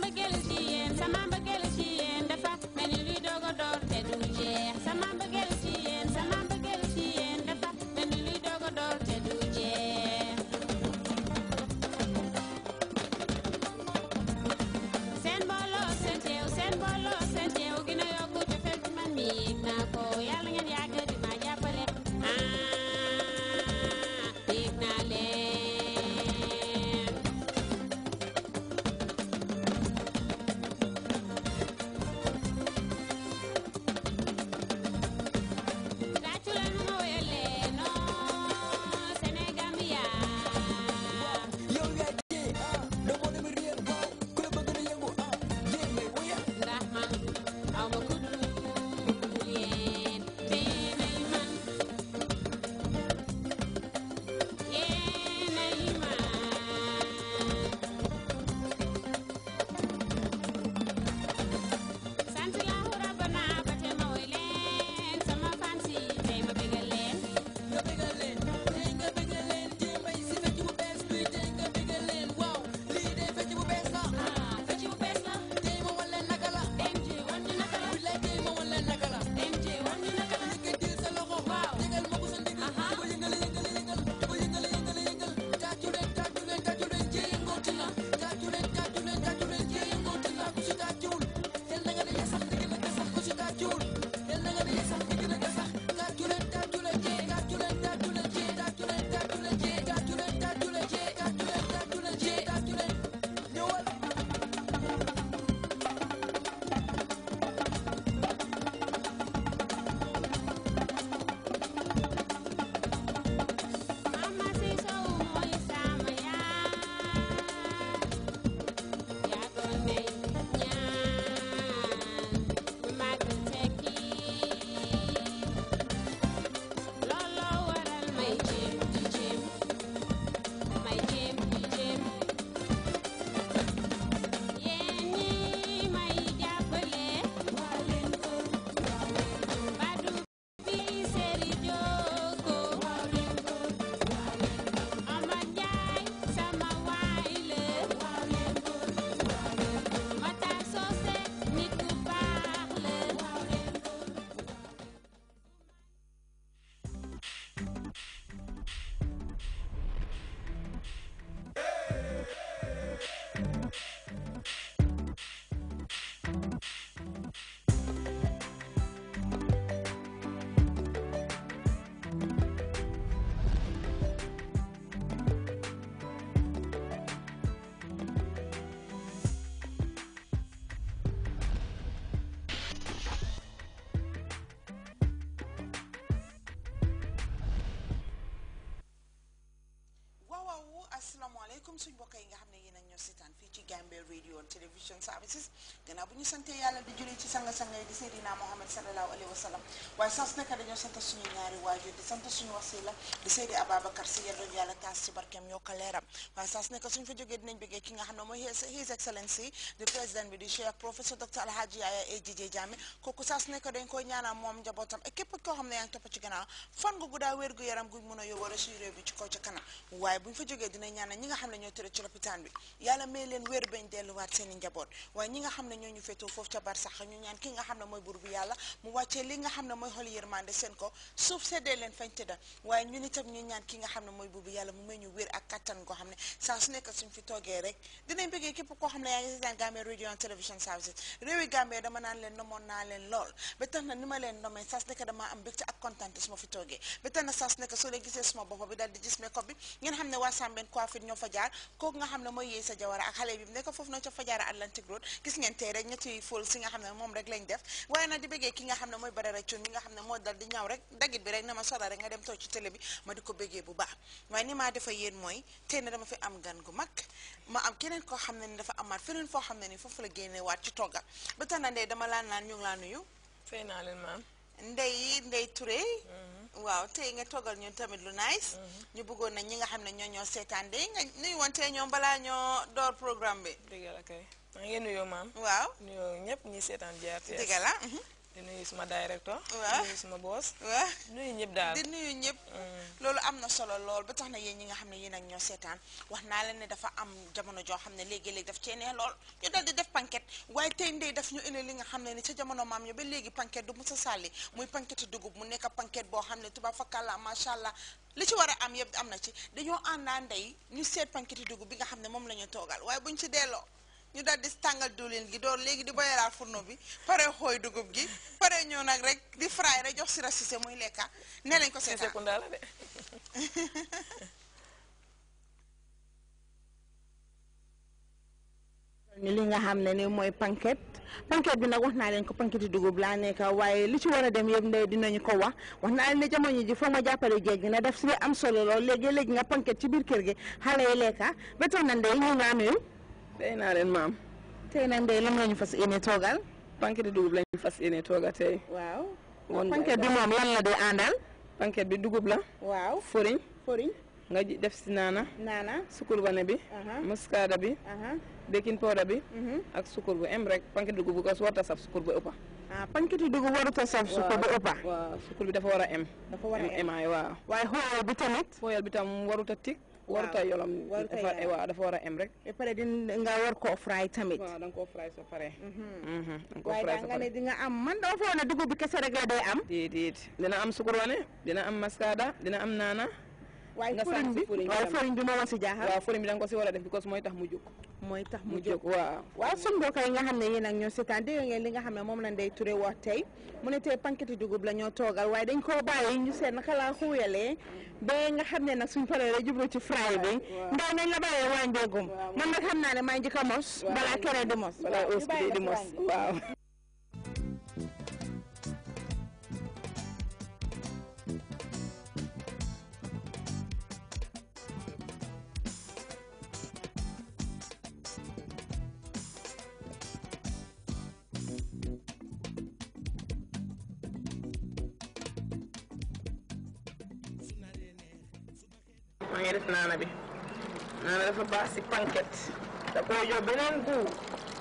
Samba Gelsi, Samba yàlla suñ mbokk yi nga xam ne fii ci Gambia radio television services gannaaw bu ñu santee yàlla di julee ci sanga-sanga yi di Seydina Muhammad sallallahu alayhi wa sallam waaye sans nekk dañoo sant suñu ñaari waajur di sant suñu wasila di Seydi Ababacar si yàlla taas ci barkeem yokk a leeram waaye sans nekk suñ fa jógee dinañ bëggee ki nga xam ne moom njabootam ak képp koo xam ne yaa ngi topp ci gannaaw fan gu guddaa wér gu yaram guñ mën a yóbboo suñu réew bi ci kaw ca yàlla may leen wér bañ delluwaat seen njaboot waaye ñi nga xam ne ñoo ñu foofu ca bar sax ñu ñaan ki nga xam ne mooy buur bi yàlla mu may ñu wér ak kattan koo xam ne saa su nekk soo leen gisee suma bopp bi daal di gis makeup bi ngeen xam ne waa Sambène coiffure ñoo fa jaar kooku nga xam ne mooy yéey sa Jawara ak xale bi nekk foofu na ca Fajara Atlantic Road gis ngeen tey rek ñetti fóol si nga xam ne moom rek lañ def waaye nag di bëggee ki nga xam ne mooy Badara Cuun mi nga ne moo dal di ñaaw rek daggit bi rek na ma nga dem toog ci télé bi ma di ko bëggee bu baax waaye ni maa dafa yéen mooy tey na dama fi am gan gu mag ma am keneen koo xam ne ni dafa amaat feneen foo xam ne ni foofu la génnewaat ci togga ba tax na ndey dama laan naan ñu ngi laa nuyu fay naa leen maam Ndeye Ndeye Touré. Mm-hmm. waaw tey nga toggal ñun tamit lu nice. Mm-hmm. ñu bëggoon nag ñi nga xam ne ñoo ñoo seetaan de nga nuyu wante ñoom balaa ñoo door programme bi. dëgg la nuyoo maam. waaw nuyoo ñëpp ñi seetaan GRTS. dëgg la. Mhm. di nuyu suma directeur. waaw di nuyu suma boss. waaw nuyu ñëpp daal di nuyu ñëpp. Mm. loolu am na solo lool ba tax na yéen ñi nga xam ne yéen nag ñoo seetaan wax naa leen ne dafa am jamono joo xam ne léegi-léegi daf cee lool ñu dal di def waaye tey ndey daf ñu indi li nga xam ne ni ca jamono maam ñu ba léegi panquette du mu sa sàlli muy panquette dugub mu nekk panquette boo xam ne tubaab fakkàlla macha allah li ci war a am yëpp am na ci dañoo àndaa ndey ñu seet panquette dugub bi nga xam ne moom la ñu toogal waaye buñ ci delloo ñu daal di tàngal diwlin gi door léegi di boyalaat fourneau bi pare xooy dugub gi pare ñëw nag rek di fray rek jox si rasise muy lekka ne lañ ko seetaan ni li nga xam ne ni mooy panket panket bi nag wax naa leen ko panketi dugub laa nekk waaye li ci war a dem yëpp ndey dinañu ko wax wax naa leen ne jamono ji foog ma jàppale jeej gi ne daf si am solo lool léegi léegi nga panket ci biir kër gi xale yi lekka ah. ba tax na ndey ñu nga am yow tey naa leen maam tey nag ndey lan nga ñu fas yéene toogal panketi dugub lañu fas yéene toogal tey waaw panket bi moom lan la dee àndal panket bi dugub la waaw foriñ foriñ nga def ci nana nana sukur bané bi. muskaada bi. baking powder bi. Mhm. ak sukur bu em rek panquet dugu bu ko warta saf sukur bu ëppa. ah panquet dugu warta saf. sukur bu ëppa. waaw sukur bi dafa wara em. dafa war em ay waaw. way hoyal bi tamit. hoyal bi tam waruta tik. waruta a yolom waaw dafa wara em rek. e pare din nga war ko fry tamit. waaw dang ko fry so pare. hmm nga ko fry so pare di nga am man dama foog ne dugub bi kese rek la day am. dit dina am sukur wané dina am muskaada dina am nana waaye farine bi waaye farine bi moo ma si jaaxal waaw bi da nga ko si war a def because mooy tax mu jóg mooy tax mu jóg waaw waaw suñ mbokk yi nga xam ne yéen nag ñoo seetaan dégg ngeen li nga xam ne moom la Ndeye Touré wax tey mu ne tey panketi dugub la toogal waaye dañ koo bàyyi ñu seet naka laa xuuyalee ba nga xam ne nag suñ paree la jublu ci fry bi ndaw nañ la bàyyee waañ déggum man nag xam naa ne maa njëkk a mos balaa keneen di mos balaa os di mos waaw def naana bi naana dafa baax si panket da koo yóbbu beneen goût